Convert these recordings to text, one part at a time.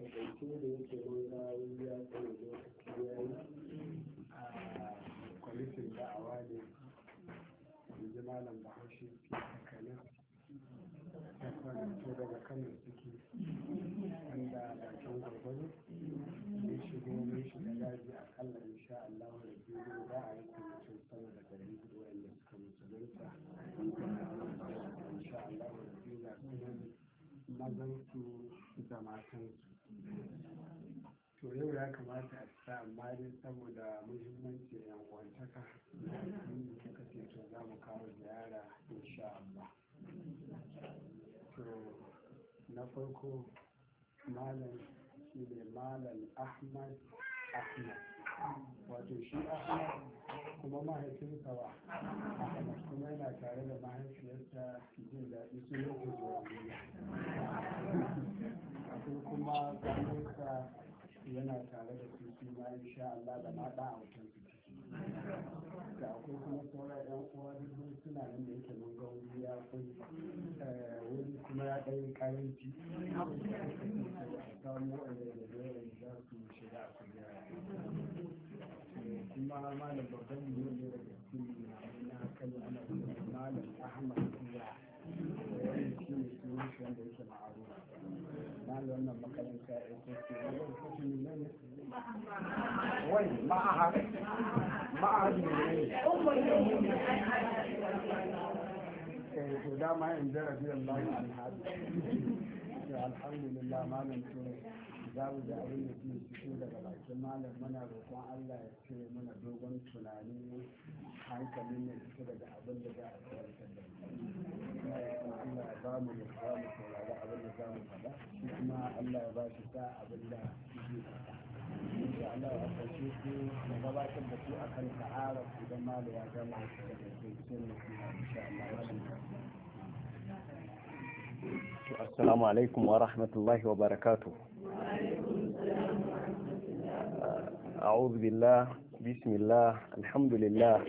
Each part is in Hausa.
takaice da yake nuna ya tsaye lokaci ya yi a kwamitin da'awa ne yanzu malam bahaushe ke tsakanin ta kwanci daga kanan suke wanda bakin gwargwado ya shigo mai shiga daji a kallon insha Allah da biyu za a yi kwamitin sama da ɗari hudu wanda suka musulunta insha Allah da biyu za su mazan su da matansu to yau ya kamata a sa amma dai saboda muhimmanci yan kwantaka suka ce to za mu kawo ziyara insha Allah to na farko malam shi ne malam ahmad ahmad wato shi ahmad kuma mahaifinsa wa ahmad kuma yana tare da mahaifiyarsa jin daɗi su yau ku zuwa kuma ganinsa yana tare da su su ma insha Allah da na ɗa a wutan su ciki da akwai kuma sauran yan uwa duk suna nan da yake mun gauri ya kai eh, wani kuma ya ɗan karanci samu wanda da zai za su shiga a su gyara eh, kuma malam babban mu ne da بني ما أحد ما أحد من دام إن درج الله عن هذا الحمد لله ما ننكره babu da abin da ke cikin daga bakin malam muna roƙon Allah ya ce mana dogon tunani hankalin ya fito daga abin da za a kawarta da Allah ya ba mu mu saurari abin da za mu faɗa kuma Allah ya ba shi sa abin da Allah a kashe su da gabatar da su akan ta'araf idan ma da ya gama su da ke cin insha Allah Assalamu alaikum wa rahmatullahi wa barakatuh. أعوذ بالله بسم الله الحمد لله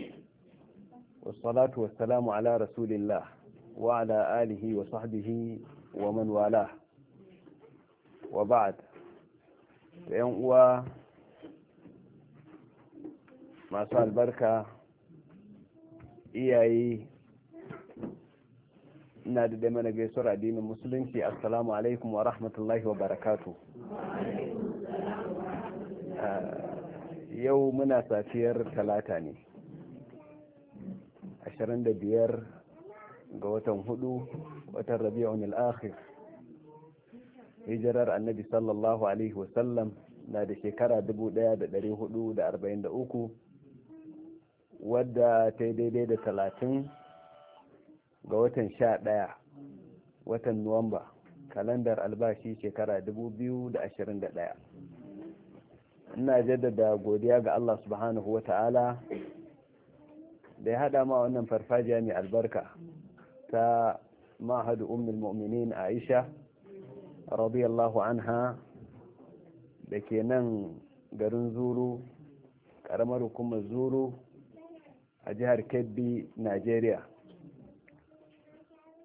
والصلاة والسلام على رسول الله وعلى آله وصحبه ومن والاه وبعد yan uwa masu albarka iyaye ina da mana gaisuwar addinin musulunci assalamu alaikum wa rahmatullahi wa barakatu ah, yau muna safiyar talata ne 25 ga watan hudu watan rabi'un al-akhir hijirar annabi sallallahu alaihi wasallam na da shekara 1443 wadda ta yi daidai da talatin ga watan sha daya watan nuwamba kalandar albashi shekara da da ashirin 2021 ina jaddada godiya ga Allah subhanahu wa ta'ala da ya haɗa ma wannan farfajiya mai albarka ta mahadu umar mu'minin aisha radiyallahu anha da ke nan garin zuru karamar hukumar zuru a jihar kebbi nigeria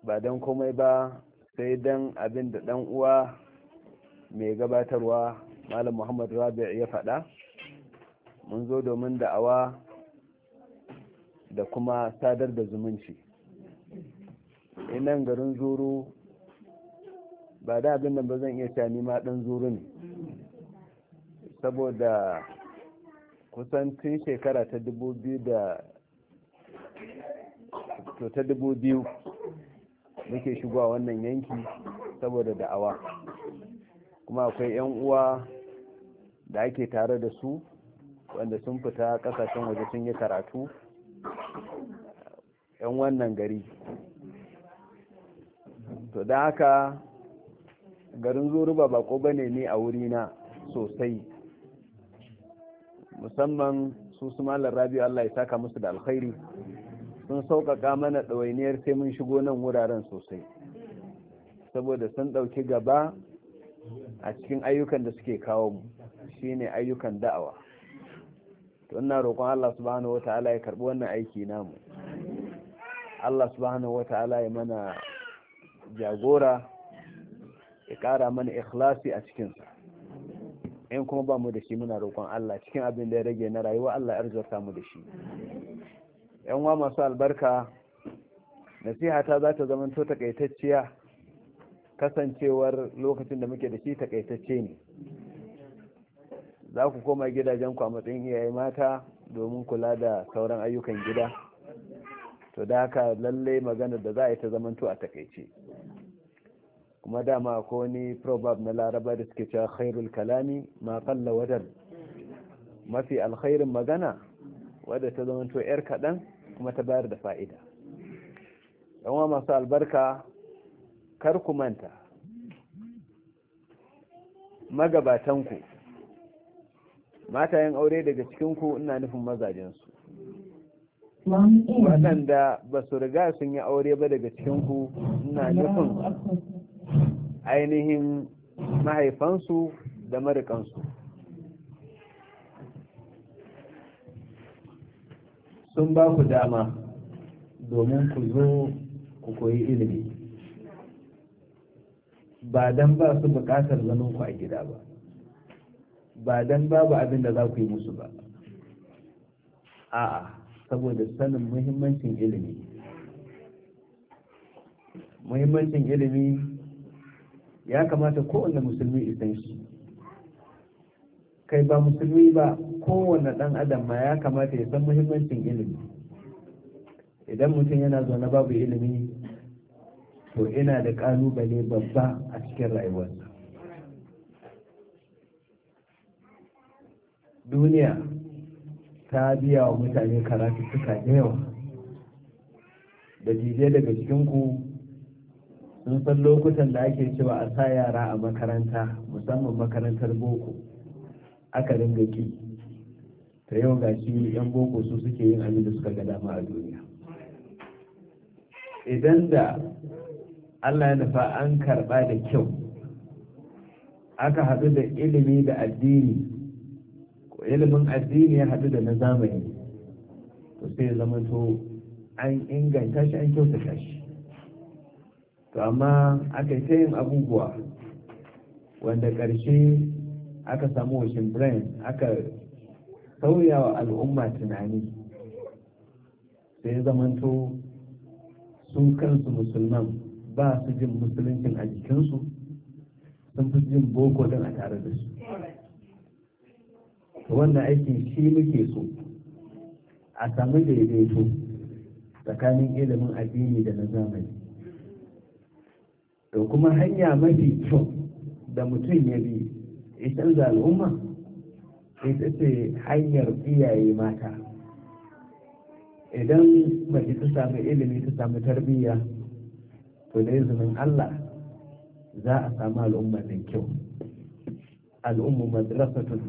ba don komai ba sai don abin da dan uwa mai gabatarwa malam muhammadu rabi ya fada mun zo domin da'awa da kuma sadar da zumunci inan garin zuru ba da abin da ba zan iya ni ma dan zuru ne saboda kusan tun shekara ta da to ta dubu biyu muke shigowa wannan yanki saboda da'awa kuma akwai 'yan uwa da ake tare da su wanda sun fita kasashen waje sun yi karatu 'yan wannan gari to da haka garin zuruba ba bane ne a wuri na sosai musamman su su malar rabi'u Allah ya saka musu da alkhairi sun sauƙaƙa mana ɗawainiyar sai mun shigo nan wuraren sosai saboda sun ɗauki gaba a cikin ayyukan da suke kawo mu shine ayyukan da'awa to ina roƙon Allah subhanahu wata'ala ya karɓi wannan aiki namu Allah subhanahu wata'ala ya mana jagora ya ƙara mana ikhlasi a cikinsa in kuma ba mu da shi muna roƙon Allah cikin abin da ya rage na rayuwa Allah ya arzuta mu da shi yan wa masu albarka nasiha ta za ta zamanto takaitacciya kasancewar lokacin da muke da shi takaitacce ne za ku koma gidajenku a matsayin iyaye mata domin kula da sauran ayyukan gida to da haka lalle maganar da za a yi ta zamanto a takaice kuma dama ko wani proverb na laraba da suke cewa khairul kalami ma qalla wadal mafi alkhairin magana wadda ta zamanto yar kaɗan kuma ta bayar da fa'ida yawan masu albarka kar ku manta magabatanku matayen aure daga cikinku ina nufin mazajensu waɗanda ba su riga sun yi aure ba daga cikinku ina nufin ainihin mahaifansu da marikansu sun ba ku dama domin ku zo ku koyi ilimi ba don ba su buƙatar zaman ku a gida ba ba don babu abin da za ku yi musu ba a'a saboda sanin muhimmancin ilimi muhimmancin ilimi ya kamata kowane musulmi isan shi kai ba musulmi ba kowane ɗan adam ma ya kamata ya san muhimmancin ilimi idan mutum yana zaune babu ilimi to ina da ƙalubale babba a cikin rayuwarsa duniya ta biya wa mutane karatu suka yawa da jije daga cikinku sun san lokutan da ake cewa a sa yara a makaranta musamman makarantar boko aka ringa ki ta yau ga shi yan boko su suke yin abin da suka ga dama a duniya idan da allah ya nufa an karba da kyau aka haɗu da ilimi da addini ko ilimin addini ya haɗu da na zamani to sai zama to an inganta shi an kyauta shi to amma aka yi ta yin abubuwa wanda ƙarshe aka samu washin brain aka sauya wa al'umma tunani sai zamanto sun kansu musulman ba su jin musuluncin a jikinsu sun fi jin boko din a tare da su wannan aiki shi muke so a samu daidaito tsakanin ilimin addini da na zamani da kuma hanya mafi kyau da mutum ya bi ya canza al'umma ita ce hanyar iyaye mata idan mace ta samu ilimi ta samu tarbiyya to da izinin Allah za a samu al'umma mai kyau al'umma madrasatun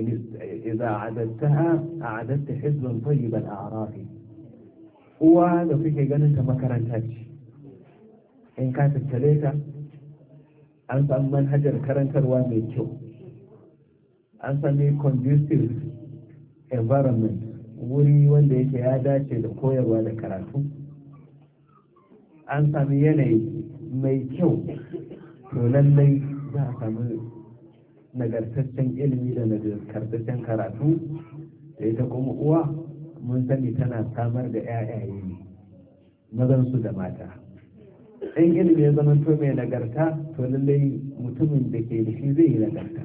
idza adattaha a'adatta hizban a a'rafi uwa da kuke ganin ta makaranta ce in ka tattale ta an san manhajar karantarwa mai kyau an sami conducive environment wuri wanda yake ya dace da koyarwa da karatu an sami yanayi mai kyau to lallai za a sami nagartaccen ilimi da nagartaccen karatu da ita kuma uwa mun sani tana samar da 'ya'yaye ne mazansu da mata sai ilimi ya zama to mai nagarta to lallai mutumin da ke da shi zai yi nagarta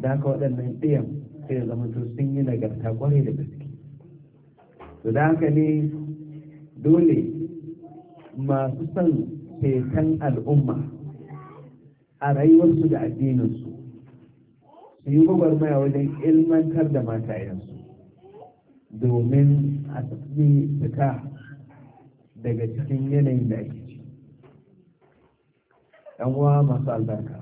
da haka waɗannan ɗiyan sai ya zama to sun yi nagarta kwarai da gaske to da haka ne dole masu son ceton al'umma a rayuwarsu da addininsu su yi gwagwarmaya wajen ilmantar da matayensu domin a tafi fita daga cikin yanayin da ake yan uwa masu albarka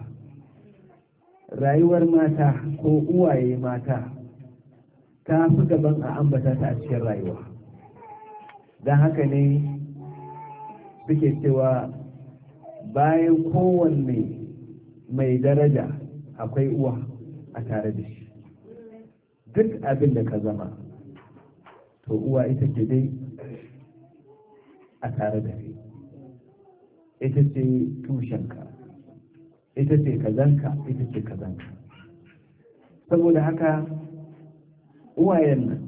rayuwar mata ko uwaye mata ta fi gaban a ambata ta a cikin rayuwa don haka ne suke cewa bayan kowanne mai daraja akwai uwa a tare da shi duk abin da ka zama to uwa ita ce dai a tare da shi ita ce tushenka ita ce kazanka ita ce kazanka saboda haka uwayen nan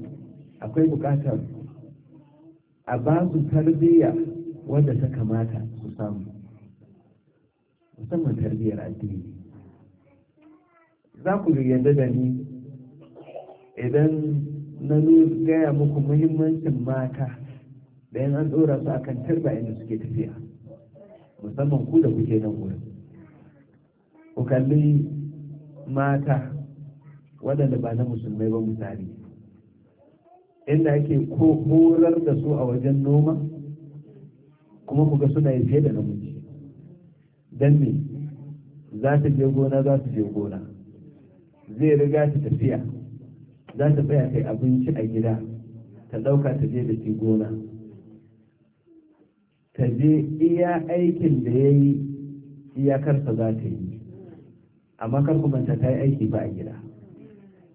akwai bukatar a ba su tarbiyya wadda ta kamata su samu musamman tarbiyyar addini za ku yarda da ni idan na gaya muku muhimmancin mata da yin an ɗora su akan tarba inda suke tafiya musamman ku da kuke nan wurin ku kalli mata waɗanda ba na musulmai ba misali inda ake horar da su a wajen noma kuma ku ga suna yi fiye da namiji don me za ta je gona za su je gona zai riga ta tafiya za ta tsaya kai abinci a gida ta ɗauka ta je da shi gona ta je iya aikin da ya yi iyakarsa za ta yi amma kan kuma ta yi aiki ba a gida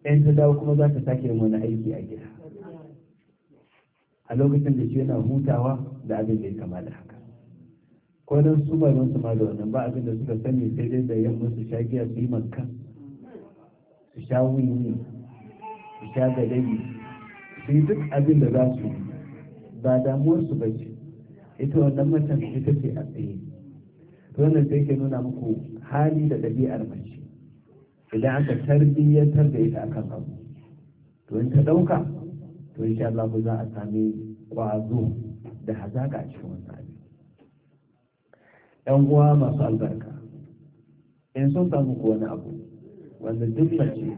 in ta dawo kuma za ta sake yin wani aiki a gida a lokacin da shi yana hutawa da abin da ya kama da haka ko nan su ba don su ma da wannan ba abin da suka sani sai dai da yamma su sha giya su yi manka su sha wuyi su sha gadayi su yi duk abin da za su ba damuwar su ba ce ita wannan macen ita ce a tsaye to wannan sai ke nuna muku hali da ɗabi'ar mace idan aka tarbiyyantar da ita akan abu to in ta ɗauka to insha Allah ku za a sami ƙwazo da hazaka a cikin wannan abin ƴan uwa masu albarka in sun samu ko wani abu wanda duk mace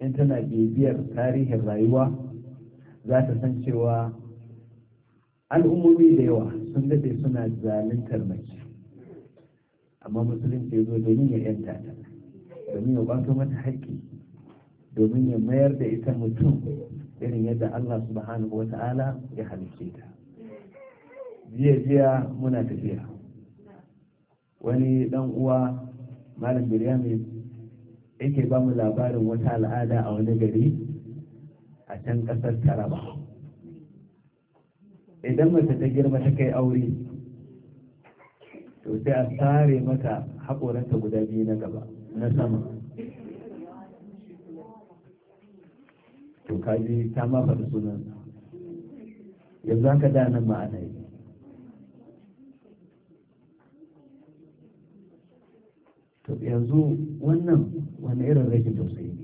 in tana bibiyar tarihin rayuwa za ta san cewa al'ummomi da yawa sun daɗe suna zaluntar mace amma musulunci ya zo domin ya yanta ta domin ya kwato mata haƙƙi domin ya mayar da ita mutum irin yadda Allah subhanahu wa ta'ala ya halice ta jiya jiya muna tafiya wani dan uwa malam biryami yake ba mu labarin wata al'ada a wani gari a can kasar taraba idan mace ta girma ta kai aure to sai a sare mata haƙoranta guda biyu na gaba na sama to kaji ta ma faɗi sunan yanzu haka da nan ma'ana yi to yanzu wannan wani irin rashin tausayi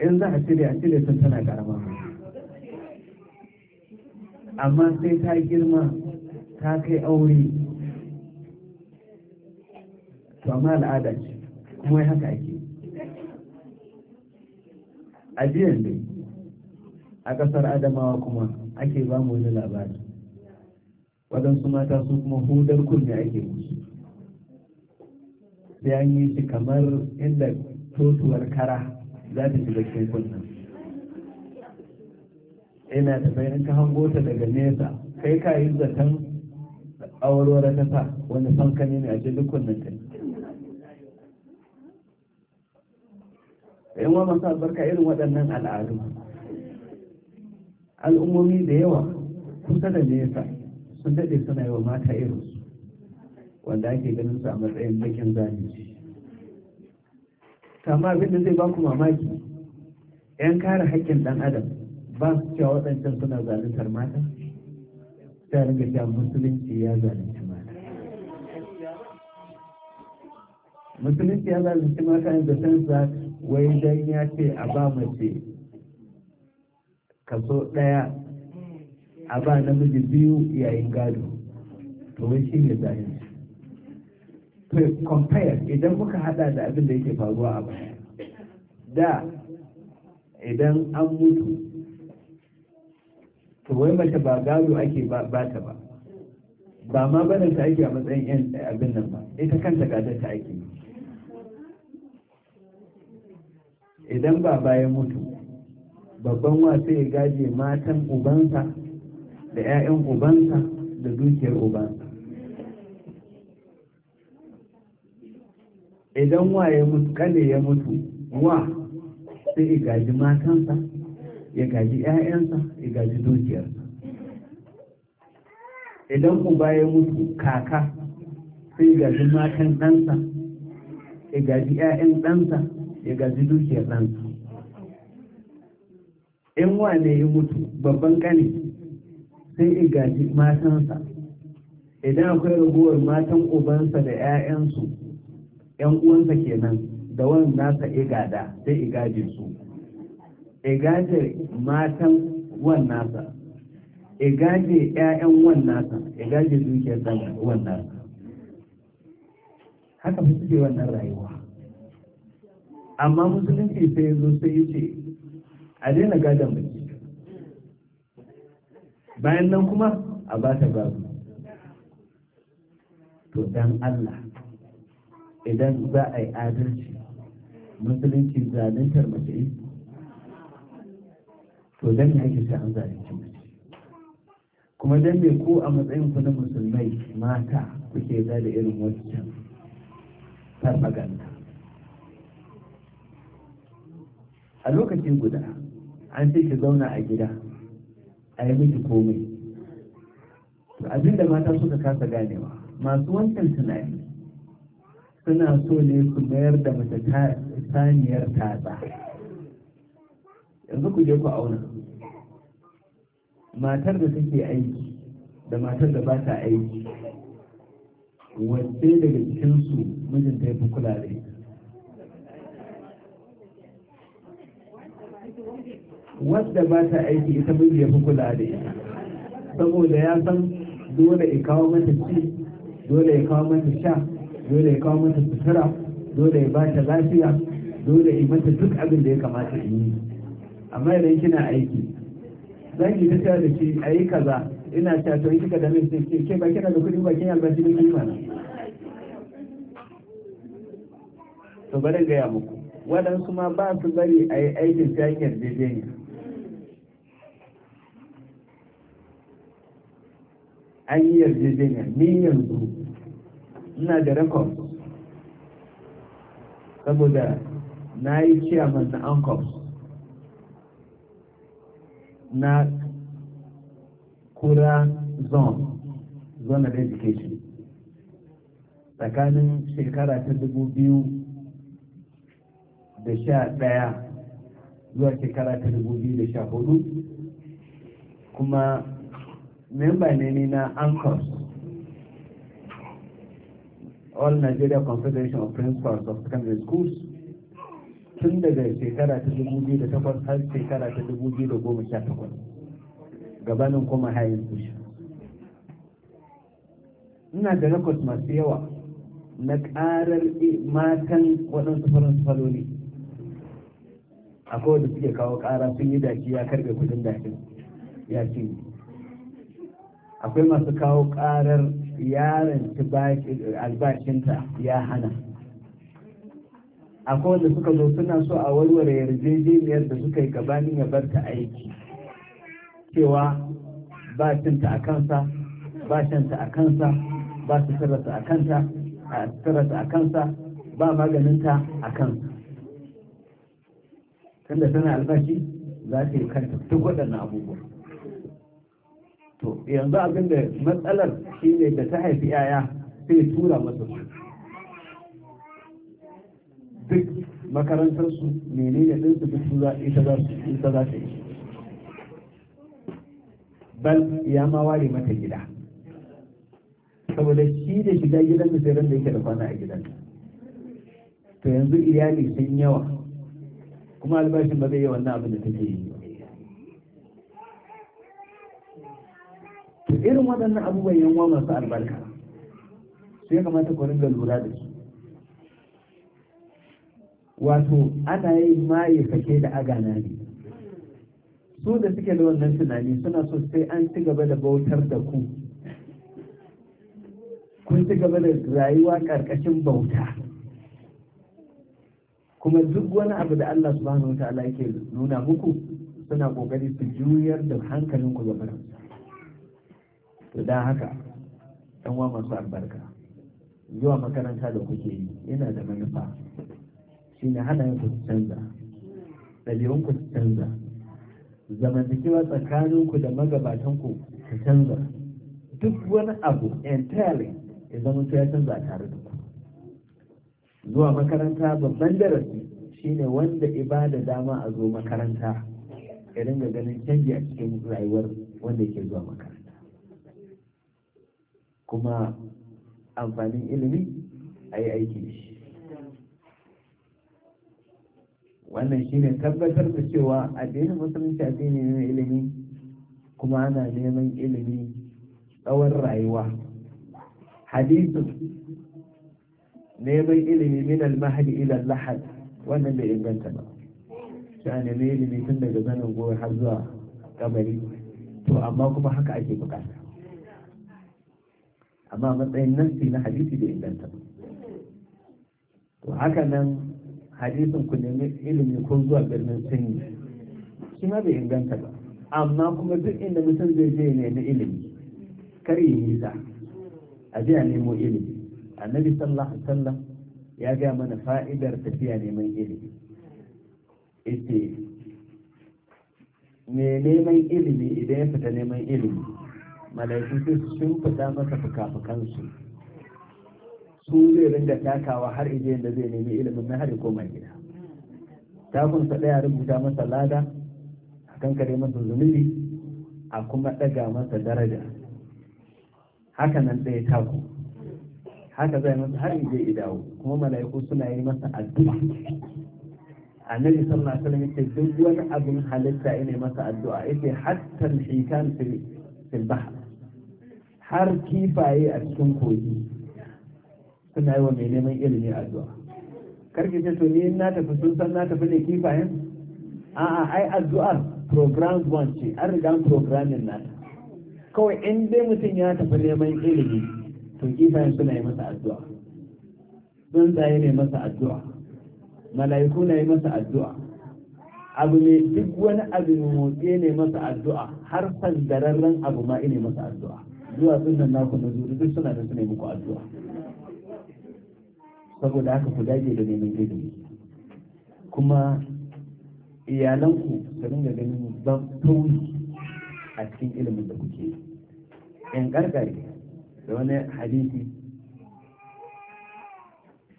in za a cire a cire sun tana karama amma sai ta girma ta kai aure to amma al'ada ce kuma ya haka ake ajiyar ne a ƙasar adamawa kuma ake ba mu wani labari waɗansu mata su kuma hudar kunne ake musu sai an yi shi kamar inda totuwar kara za ta shiga cikin kunna ina ta bayan ka hango ta daga nesa kai ka yi zaton ta sa wani sankane ne a ce duk ta yan wa masu albarka irin waɗannan al'adu al'ummomi da yawa kusa da nesa sun daɗe suna yi wa mata su, wanda ake ganin su a matsayin bakin zalunci kama abin da zai baku mamaki yan kare haƙƙin ɗan adam ba su cewa waɗancan suna zaluntar mata ta riga ta musulunci ya zalunci mata musulunci ya zalunci mata in da sa wai dan ya ce a ba mace kaso ɗaya a ba namiji biyu yayin gado to wai shi ne zalunci to compare idan muka hada da abin da yake faruwa a baya da idan an mutu to wai mace ba gado ake ba ta ba ba ma barin ta ake a matsayin yan abin nan ba ita kanta gadon ta ake idan ba bayan mutu babban sai ya gaje matan ubansa da 'ya'yan ubansa da dukiyar ubansa idan wa ya mutu kane ya mutu wa sai ya gaji matansa ya gaji 'ya'yansa ya gaji dukiyarsa idan uba ya mutu kaka sai gaji matan ɗansa ya gaji 'ya'yan ɗansa ya gaji dukiyar ɗansa in wane ya mutu babban ƙane sai ya gaji matansa idan akwai raguwar matan ubansa da 'ya'yansu 'yan uwansa kenan da wani nasa igada sai igaje su igaje matan wannasa igaje ƴaƴan wannasa igaje dukiyar dan wannasa haka fi suke wannan rayuwa amma musulunci sai zo sai ya ce a daina gadon mace bayan nan kuma a ba ta babu to dan Allah idan za a yi adalci musulunci zaluntar mace to dan ne ake sai an zalunci mace kuma dan me ko a matsayin ku na musulmai mata kuke da irin wancan farfaganda a lokacin guda an ce ki zauna a gida a yi miki komai to abinda mata suka kasa ganewa masu wancan tunani suna so ne su mayar da mace saniyar tatsa yanzu ku je ku auna matar da take aiki da matar da ba ta aiki wacce daga cikinsu mijinta ya fi kula da ita wadda ba ta aiki ita miji ya fi kula da ita saboda ya san dole ya kawo mata ci dole ya kawo mata sha dole ya kawo mata sutura dole ya ba ta lafiya dole ya mata duk abin da ya kamata in yi amma idan kina aiki zan yi ta da ke a yi kaza ina ta yi kika da mai sai ke ba kina da kuɗi ba albashi da kima na to bari gaya muku waɗansu ma ba su bari a yi aikin ta hanyar ne. an yi yarjejeniya ni yanzu ina da rekod saboda na yi ciyaman na ankoms na kura zone of education tsakanin shekara ta dubu biyu da sha ɗaya zuwa shekara ta dubu biyu da sha hudu kuma memba ne ni na ancos all nigeria confederation of principals of secondary schools tun daga shekara ta dubu biyu da takwas har shekara ta dubu biyu da goma sha takwas gabanin kuma hayan su ina da rakwas masu yawa na karar matan waɗansu faransu faloli akwai wanda suke kawo kara sun yi daki ya karbe kudin dakin ya ce akwai masu kawo karar yaron albashinta ya hana akwai wanda suka zo suna so a warware yarjejeniyar da suka yi gabanin ya bar ta aiki cewa ba cinta a kansa ba shanta a kansa ba su sarrasa a kanta a sarrasa a kansa ba maganinta a kansa tunda tana albashi za ta yi kanta duk waɗannan abubuwa to yanzu abin da matsalar shi ne da ta haifi yaya sai tura masa su duk makarantarsu menene ɗinsu duk su ita za ta yi bal ya ma ware mata gida saboda shi da shiga gidan da sai da yake da kwana a gidan to yanzu iyali sun yawa kuma albashin ba zai yi wannan abin da take yi to irin waɗannan abubuwan yanwa masu albarka sai kamata ku ringa lura da su wato ana yin maye fake da agana ne su da suke da wannan tunani suna so sai an ci gaba da bautar da ku kun ci gaba da rayuwa ƙarƙashin bauta kuma duk wani abu da Allah subhanahu wa ta'ala yake nuna muku suna ƙoƙari su juyar da hankalin ku ga to dan haka dan masu albarka zuwa makaranta da kuke yi yana da manufa shi ne halayen ku canza ɗaliyun ku canza zamantakewa tsakaninku da magabatanku ku ta canza duk wani abu entirely ya zama ya canza tare da ku zuwa makaranta babban darasi shine wanda ibada dama a zo makaranta ya dinga ganin canji a cikin rayuwar wanda ke zuwa makaranta kuma amfanin ilimi a yi aiki shi wannan shi ne tabbatar da cewa addinin musulunci addini ne na ilimi kuma ana neman ilimi tsawon rayuwa hadisu neman ilimi min al-mahdi ila lahad wannan bai inganta ba sai a neman ilimi tun daga zanen gobe har zuwa kamari to amma kuma haka ake bukata amma matsayin nan na hadisi bai inganta ba to haka nan hadisin ku nemi ilimi ko zuwa birnin sanyi. shi ma bai inganta ba amma kuma duk inda mutum zai je nemi ilimi kar yi nisa a je nemo ilimi annabi sallallahu alaihi wasallam ya ga mana fa'idar tafiya neman ilimi ita ne neman ilimi idan ya fita neman ilimi malaiku sun fita masa fuka-fukansu su zai ringa takawa har ije da zai nemi ilimin na hari koma gida tafin sa ɗaya rubuta masa lada a kankare masa zunubi a kuma ɗaga masa daraja haka nan ɗaya taku haka zai masa har ije idawo kuma mala'iku suna yi masa addu'a annabi sallallahu alaihi wasallam yake duk wani abin halitta nemi masa addu'a yace hatta al-hikan fil bahr har kifaye a cikin kogi suna yi wa mai neman ilimi addu'a karki ce to ni na tafi sun san na tafi ne kifayen a'a ai addu'ar program one ce an riga na nata kawai in dai mutum ya tafi neman ilimi to kifayen suna yi masa addu'a tsuntsaye ne masa addu'a mala'iku na yi masa addu'a abu ne duk wani abu mai motsi ne masa addu'a har sandararren abu ma ne masa addu'a zuwa sunan naku na zuri duk suna da su ne muku addu'a saboda haka ku dage da neman ilimi kuma iyalanku su dinga ganin zafi a cikin ilimin da kuke yan karkare da wani hadisi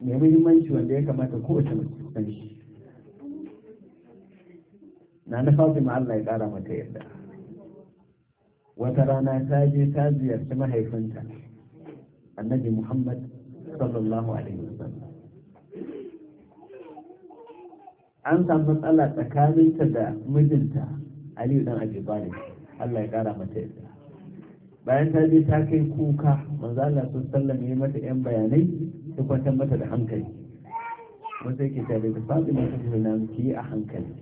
mai muhimmanci wanda ya kamata kowace mutum shi na na fatima Allah ya kara mata yadda wata rana ta je ta ziyarci mahaifinta annabi muhammad sallallahu alaihi an samu matsala tsakaninta da mijinta aliyu dan abi Allah ya kara mata yadda bayan ta je ta kai kuka manzo Allah sun sallame mata yan bayanai ta kwantar mata da hankali wata yake ta da Fatima ta ce nan ki a hankali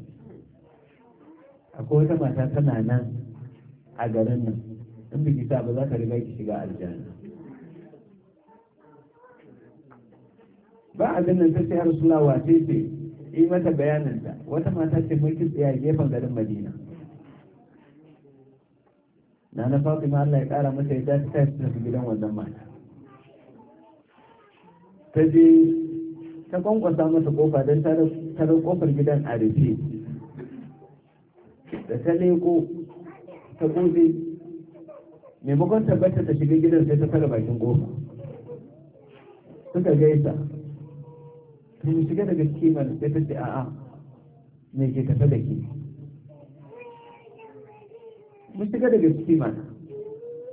akwai wata mata tana nan a garin nan in biki sa ba za ka riga ki shiga aljanna ba a ganin ta sai har suna ce yi mata bayaninta wata mata ce mulkin tsaye a gefen garin madina na na ma allah ya kara mata ya ta fi tafi gidan wannan mata ta je ta kwankwasa mata kofa don da kofar gidan a rufe da ta leko ta kuzi maimakon tabbata ta shiga gidan sai ta fara bakin kofa suka gaisa to mu shiga daga kimar sai ta ce a'a me ke tafi da ke mu shiga daga ciki mana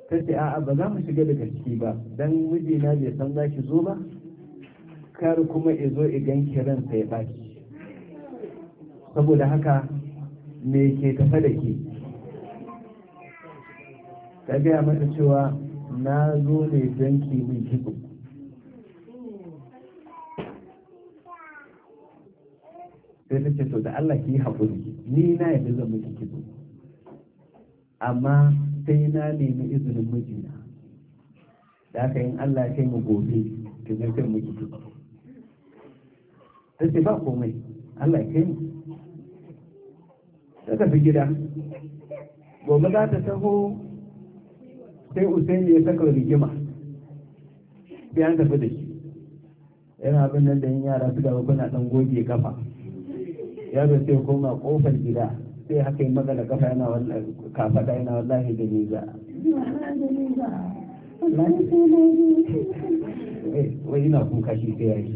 ta ce a'a ba za mu shiga daga ciki ba dan mijina bai san za ki zo ba kar kuma ya zo idan kiran ya baki saboda haka me ke tafi da ke ta gaya mata cewa na zo ne don ki min kiku sai ta ce to da Allah ki haƙuri ni na yadda zan miki kitso amma sai na nemi izinin mijina da aka yin Allah ya kai mu gobe ki zai kai miki kitso ta ce ba komai Allah ya kai mu ta tafi gida gobe za ta taho sai Usain ya saka rigima sai an tafi da shi yana abin nan da yin yara su gaba kuna dan goge kafa yaro sai koma kofar gida sai haka yi magana kafa yana kafada yana wallahi da niza eh, wai ina kuka shi sai yaki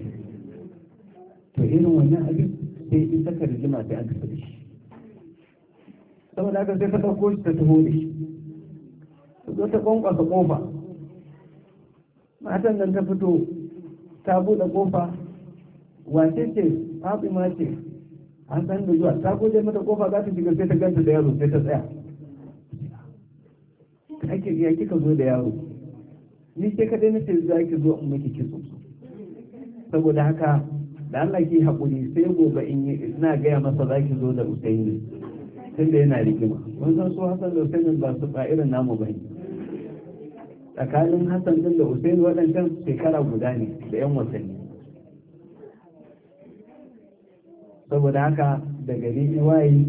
to irin wannan abin sai in saka rijima sai an tafi da shi saboda haka sai ta ɗauko shi ta taho da shi ta zo ta kwankwasa matan nan ta fito ta buɗe ƙofa. wace ce fatima ce an san da zuwa ta goje mata kofa za ta shiga sai ta ganta da yaro sai ta tsaya ake ya kika zo da yaro ni sai kadai na ce za ki zo in miki kitso saboda haka da Allah ke haƙuri sai gobe in yi ina gaya masa za ki zo da Usaini tun da yana rigima mun san su Hassan da Usaini ba su ba irin namu ne. tsakanin Hassan din da Usaini waɗancan shekara guda ne da 'yan watanni saboda haka da gari waye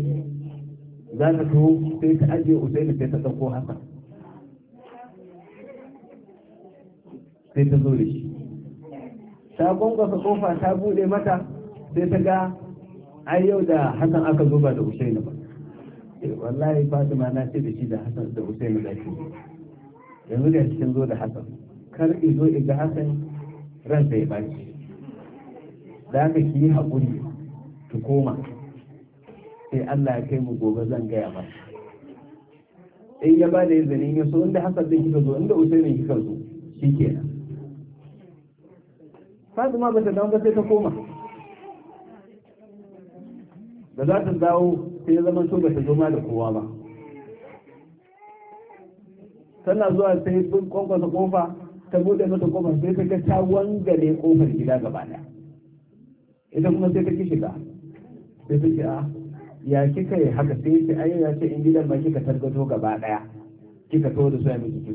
za ta to sai ta ajiye usaini sai ta ɗauko haka sai ta zo da shi ta gwangwasa kofa ta buɗe mata sai ta ga ai yau da hasan aka zo ba da usaini ba eh, wallahi fatima na ce da shi da hasan da usaini da shi yanzu da cikin zo da hasan kar izo iga hasan ransa ya baci da haka ki yi haƙuri Ta koma sai Allah ya kai mu gobe zan gaya ba in ya ba da izini ya so inda hasar zai kika zo inda ne kika zo shi shikenan Fatima ba ta dawo ba sai ta koma da za ta dawo sai zama so ba ta zo ma da kowa ba tana zuwa sai sun kwankwasa kofa ta bude mata kofa sai ta ga ta wangale kofar gida gaba ita kuma sai ta ki shiga sai suke a ah, ya kika yi haka sai ce ai ya ce in gidan ma kika targato gaba daya kika to da soya miki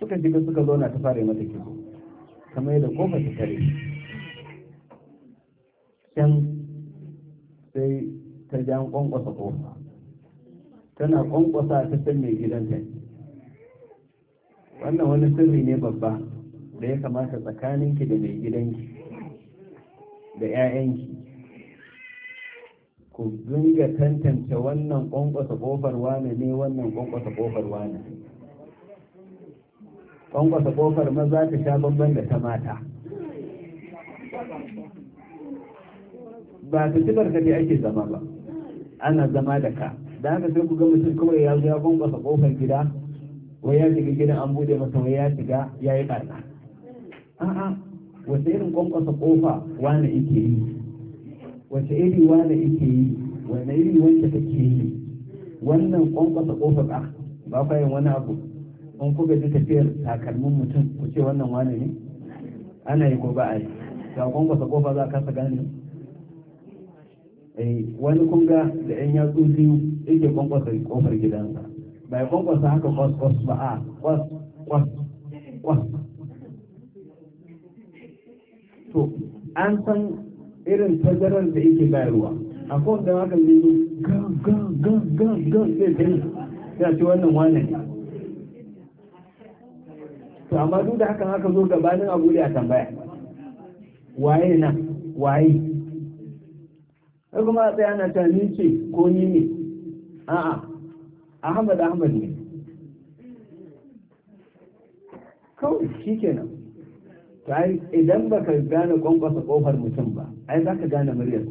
suka shiga suka zauna ta fara mata kiko kamar yadda kofa ta kare can sai ta ja kwankwasa kofa tana kwankwasa ta san mai gidanta wannan wani sirri ne babba da ya kamata tsakaninki da mai gidanki da 'ya'yanki ku dinga tantance wannan kwankwasa ƙofar wane ne wannan kwankwasa ƙofar wane kwankwasa ƙofar maza ta sha bambam da ta mata ba ta ci barkati ake zama ba ana zama da ka da haka sai ku ga mutum kawai ya zo ya kwankwasa ƙofar gida wai ya shiga gidan an bude masa wai ya shiga ya yi ƙarna a'a wace irin kwankwasa kofa wane ike yi wace iri wane ike yi wane iri wanda kake yi wannan kwankwasa kofa ba ba fa yin wani abu in kuka ji tafiyar takalmin mutum ku ce wannan wane ne ana yi ko ba a yi ga kwankwasa kofa za ka sa gane eh wani kunga da yan yatsu biyu yake kwankwasa kofar gidansa bai kwankwasa haka kwas kwas ba a kwas kwas kwas to an san irin tazarar da yake bayarwa a kowace haka zai zo gan gan gan gan gan sai gani ya ce wannan wane ne to amma duk da hakan haka zo gabanin abu da tambaya waye nan waye sai kuma a tsaya na ta ni ce ko ni ne a'a ahmad ahmad ne kawai shi kenan sai idan baka gane kwankwasa kofar mutum ba ai ka gane muryar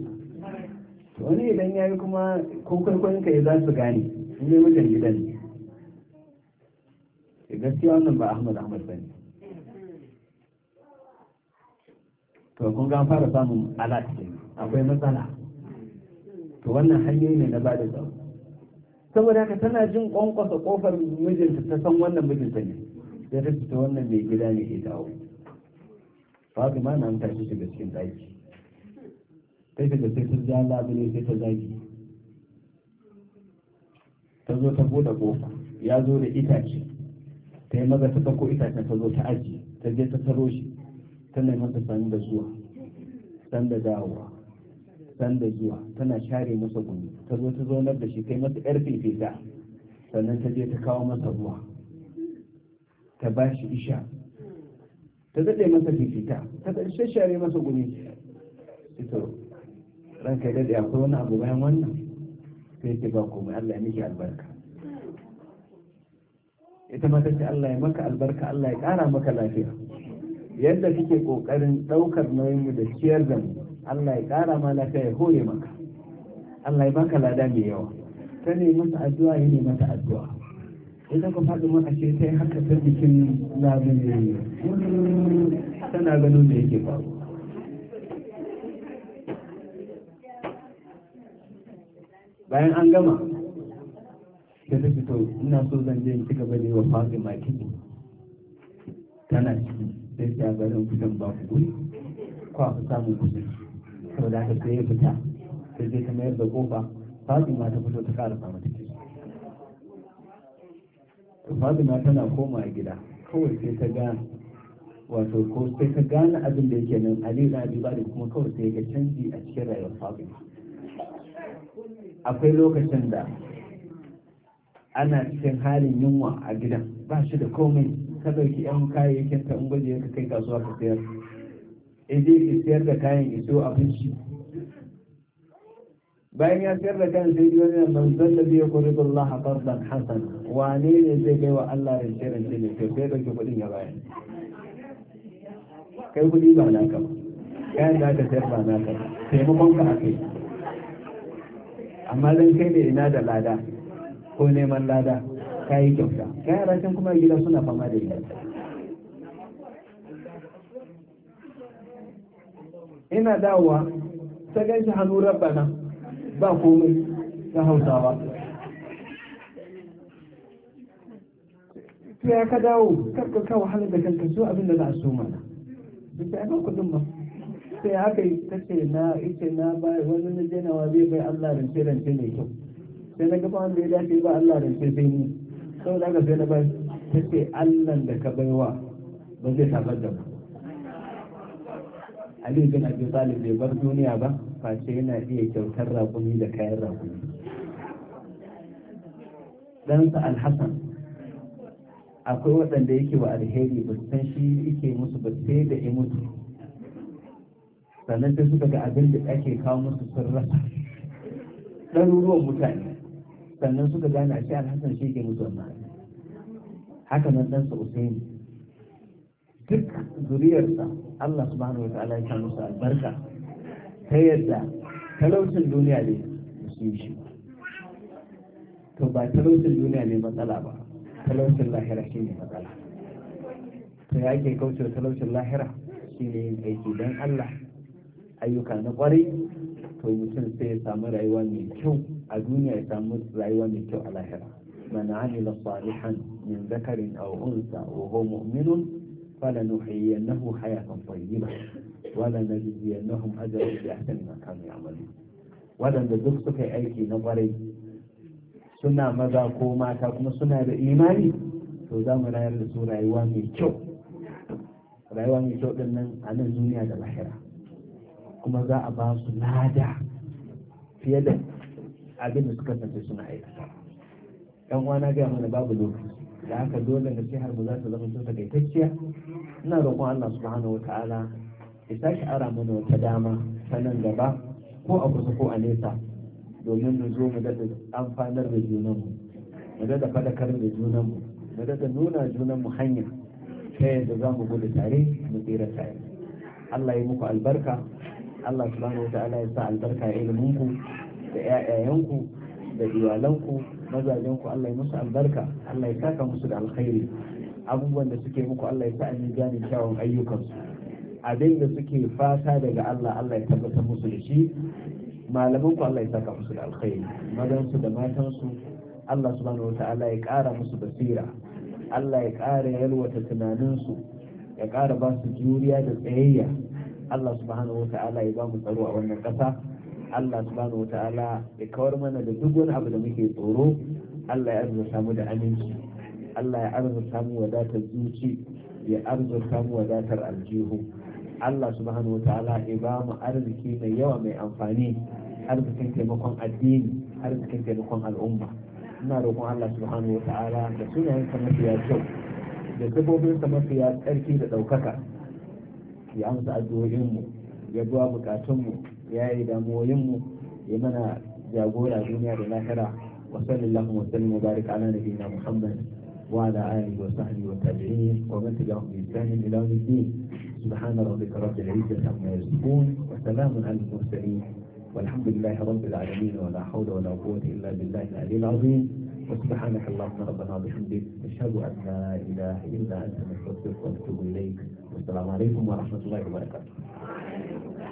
to wani idan ya yi kuma ko ka ya za su gane Sun yi mutan gidan ne eh, gaskiya wannan ba Ahmad Ahmad ne to kun ga fara samun alat akwai matsala to wannan hanyoyi ne na bada tsawo saboda haka tana jin kwankwasa kofar mijinta ta san wannan mijinta ne sai ta fita wannan mai gida ne ke dawo ma na an tashi shiga cikin ɗaki sai ka sai ta ja ne sai ta zagi ta zo ta buɗe ƙofa ya zo da itace ta yi maza ta ɗauko itacen ta zo ta aji ta je ta taro shi ta tana masa san da zuwa san da dawowa san da zuwa tana share masa gumi ta zo ta zaunar da shi kai masa yar fita sannan ta je ta kawo masa ruwa ta ba shi isha ta zaɗe masa fifita ta shashare masa gumi ito ranka daɗe akwai wani abu bayan wannan sai ce ba komai Allah ya miki albarka ita ma ta ce Allah ya maka albarka Allah ya ƙara maka lafiya yadda kike ƙoƙarin ɗaukar nauyin mu da ciyar da mu Allah ya ƙara ma lafiya ya hore maka Allah ya baka lada mai yawa ta ne masa addu'a ya ne mata addu'a idan ka faɗi maka ce sai haka ta bikin zamani tana ganin da yake faru bayan an gama sai ta fito ina so zan je in ci gaba da wa fatima kiɗi tana ciki sai ta barin kusan ba ku guri ko a samun kuɗi saboda haka sai ya fita sai zai ta mayar da kofa ma ta fito ta ƙara samu take fatima tana koma gida kawai sai ta ga wato ko sai ta gane abin da yake nan ali na abi da kuma kawai sai ga canji a cikin rayuwar fatima akwai lokacin da ana cikin halin yunwa a gidan ba shi da komai ka dauki yan kayayyakin ta in gwaje ka kai kasuwa ka sayar in je ki sayar da kayan iso abinci bayan ya sayar da kan sai wani da zalla kuri ko Allah qardan Hassan, wane ne zai kai wa Allah rance rance ne to sai dauke kudin ya bayan kai kudi ba naka ba kayan da aka sayar ba naka ba taimakon ka akai amma zan kai ne ina da lada ko neman lada ka yi kyauta kayan rashin kuma gida suna fama da yi ina dawowa ta gan shi hannu nan. ba komai na hausawa to ya ka dawo karka ka wahala da kanka so abin da za a so mana bisa ya kan kudin ba sai haka ta ce na ita na ba wani na jenawa zai bai Allah rance rance mai kyau sai na gaba wanda ya dace ba Allah rance zai ni saboda aka sai na bai ta ce Allah da ka baiwa ba zai tabar da ba Ali bin Abi Talib bai bar duniya ba face yana iya kyautar raƙumi da kayan raƙumi ɗansa al akwai waɗanda yake wa alheri ba san shi yake musu ba sai da ya mutu sannan sai suka ga abin da ake kawo musu sun rasa ɗaruruwan mutane sannan suka gane a shiyar hassan shi ke musu wannan haka nan ɗansa usaini duk zuriyarsa Allah subhanahu wa ta'ala ya su albarka ta yadda talautin duniya ne su yi shi to ba talaucin duniya ne matsala ba talautin lahira shi ne matsala to ya ke kauce talaucin lahira shi ne yin aiki don Allah ayyuka na kwarai to mutum sai ya samu rayuwa mai kyau a duniya ya samu rayuwa mai kyau a lahira mana amila salihan min zakarin a unsa wa huwa mu'minun فلنحيينه حياة طيبة ولنجزينهم أجرا بأحسن ما كانوا يعملون waɗanda duk suka yi aiki na ƙwarai suna maza ko mata kuma suna da imani to za mu rayar da su rayuwa mai kyau rayuwa mai kyau ɗin nan a nan duniya da lahira kuma za a ba su lada fiye da abin da suka kasance suna aikata yan uwa na gaya mana babu lokaci da haka dole nasihar mu za ta zama sun takaitacciya ina roƙon Allah subhanahu wata'ala ya sake ara mana wata dama ta nan gaba ko a kusa ko a nesa domin mu zo mu daɗa amfanar da junanmu mu daɗa faɗakar da junanmu mu daɗa nuna junanmu hanya ta yadda za mu gudu tare mu tsira tare Allah ya muku albarka Allah subhanahu wata'ala ya sa albarka ya iliminku da 'ya'yayanku da iyalanku mazajenku Allah ya musu albarka Allah ya saka musu da alkhairi abubuwan da suke muku Allah ya sa an yi gane kyawun ayyukansu abin da suke fata daga Allah Allah ya tabbatar musu da shi malamanku Allah ya saka musu da alkhairi madansu da matansu Allah subhanahu wata'ala ya ƙara musu basira Allah ya ƙara yalwata tunaninsu ya ƙara ba su juriya da tsayayya Allah subhanahu wata'ala ya ba mu tsaro a wannan ƙasa Allah subhanahu wataala ya kawar mana da duk wani abu da muke tsoro Allah ya arzuta samu da aminci Allah ya arzuta samu wadatar zuci ya arzuta samu wadatar aljihu Allah subhanahu wataala ya ba mu arziki mai yawa mai amfani arzikin taimakon addini arzikin taimakon al'umma ina roƙon Allah subhanahu wataala da sunayensa mafiya kyau da sabobinsa mafiya tsarki da ɗaukaka ya amsa addu'o'inmu ya biya mu ya yi damuwoyinmu ya mana jagora duniya da lahira wa sallallahu wa sallam wa barik ala nabiyina muhammad wa ala alihi wa sahbihi wa tabi'in wa man tabi'ahum bi ihsan ila yawm الدين سبحان ربك رب العزة عما يصفون وسلام على المرسلين والحمد لله رب العالمين ولا حول ولا قوة إلا بالله العلي العظيم وسبحانك اللهم ربنا وبحمدك نشهد أن لا إله إلا أنت نستغفرك ونتوب إليك والسلام عليكم ورحمة الله وبركاته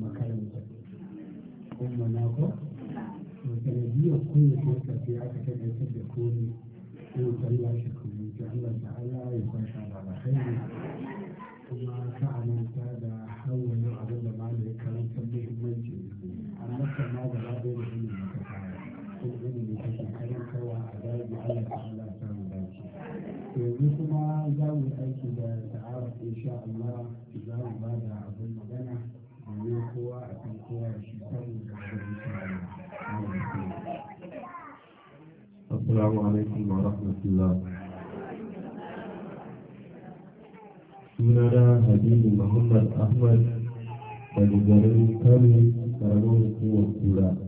makaranta kuma na ko to sanadiyar koyi ko ce aka tabbatar da komi ko kalla shi kuma ta Allah ta'ala ya kwanta da alkhairi kuma sa'ana السلام عليكم ورحمة الله sunana habibu muhammad ahmad daga garin kano karamar hukumar kura